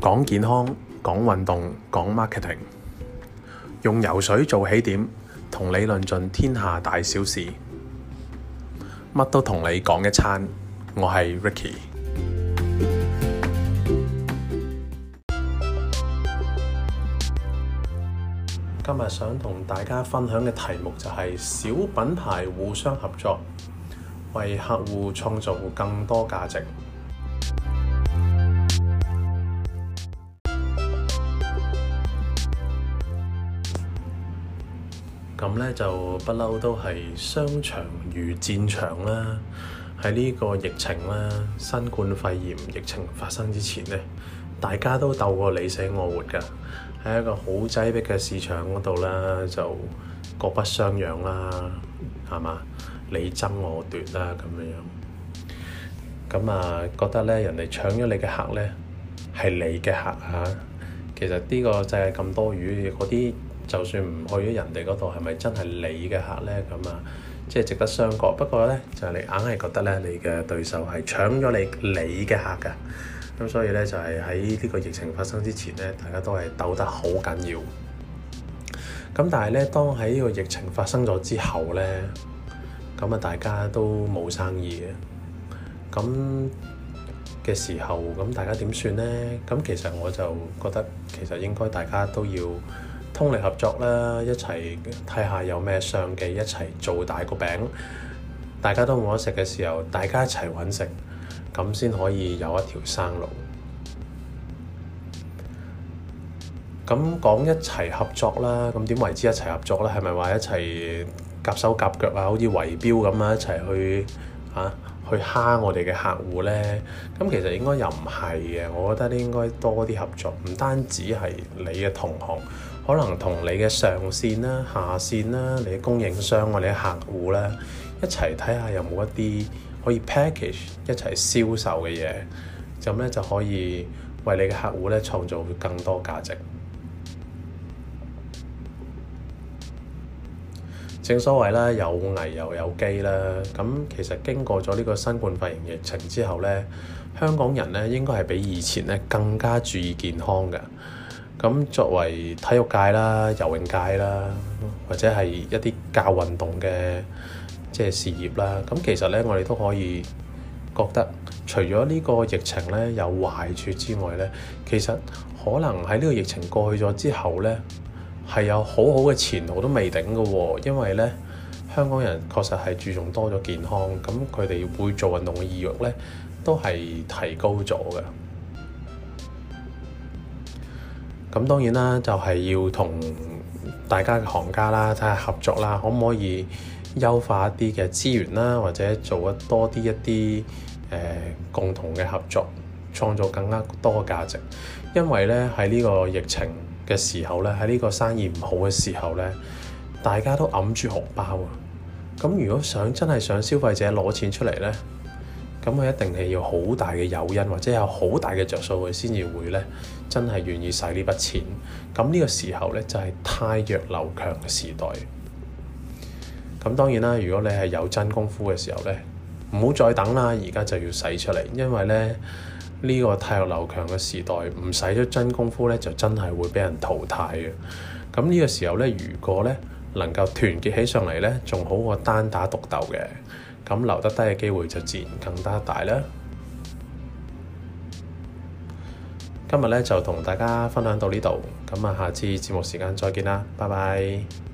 講健康，講運動，講 marketing，用游水做起點，同你論盡天下大小事，乜都同你講一餐。我係 Ricky，今日想同大家分享嘅題目就係小品牌互相合作，為客戶創造更多價值。咁呢就不嬲，都係商場如戰場啦。喺呢個疫情啦、新冠肺炎疫情發生之前呢，大家都鬥過你死我活㗎。喺一個好擠迫嘅市場嗰度啦，就各不相讓啦，係嘛？你爭我奪啦咁樣樣。咁啊，覺得呢人哋搶咗你嘅客呢，係你嘅客啊。其實呢個就係咁多餘嗰啲。就算唔去咗人哋嗰度，係咪真係你嘅客呢？咁啊，即係值得商榷。不過呢，就係你硬係覺得呢，你嘅對手係搶咗你你嘅客㗎。咁所以呢，就係喺呢個疫情發生之前呢，大家都係鬥得好緊要。咁但係呢，當喺呢個疫情發生咗之後呢，咁啊，大家都冇生意嘅咁嘅時候，咁大家點算呢？咁其實我就覺得，其實應該大家都要。通力合作啦，一齊睇下有咩商機，一齊做大個餅。大家都冇得食嘅時候，大家一齊揾食，咁先可以有一條生路。咁、嗯、講一齊合作啦，咁點為之一齊合作咧？係咪話一齊夾手夾腳啊？好似圍標咁啊？一齊去嚇？啊去蝦我哋嘅客戶呢，咁其實應該又唔係嘅，我覺得咧應該多啲合作，唔單止係你嘅同行，可能同你嘅上線啦、下線啦、你嘅供應商、我哋嘅客戶啦，一齊睇下有冇一啲可以 package 一齊銷售嘅嘢，咁呢，就可以為你嘅客戶呢創造更多價值。正所謂啦，有危又有，有機啦。咁其實經過咗呢個新冠肺炎疫情之後呢，香港人呢應該係比以前呢更加注意健康嘅。咁作為體育界啦、游泳界啦，或者係一啲教運動嘅即係事業啦，咁其實呢，我哋都可以覺得，除咗呢個疫情呢有壞處之外呢，其實可能喺呢個疫情過去咗之後呢。係有好好嘅前途都未定嘅喎。哦，因為呢，香港人確實係注重多咗健康，咁佢哋會做運動嘅意欲呢都係提高咗嘅。咁當然啦，就係、是、要同大家嘅行家啦，睇下合作啦，可唔可以優化一啲嘅資源啦，或者做多一多啲一啲誒、呃、共同嘅合作，創造更加多嘅價值。因為呢，喺呢個疫情。嘅時候咧，喺呢個生意唔好嘅時候咧，大家都揞住荷包啊。咁如果想真係想消費者攞錢出嚟咧，咁佢一定係要好大嘅誘因，或者有好大嘅着數，佢先至會咧真係願意使呢筆錢。咁呢個時候咧就係汰弱留強嘅時代。咁當然啦，如果你係有真功夫嘅時候咧，唔好再等啦，而家就要使出嚟，因為咧。呢個汰弱留強嘅時代，唔使咗真功夫呢，就真係會俾人淘汰嘅。咁、這、呢個時候呢，如果呢能夠團結起上嚟呢，仲好過單打獨鬥嘅。咁留得低嘅機會就自然更加大啦。今日呢，就同大家分享到呢度，咁啊，下次節目時間再見啦，拜拜。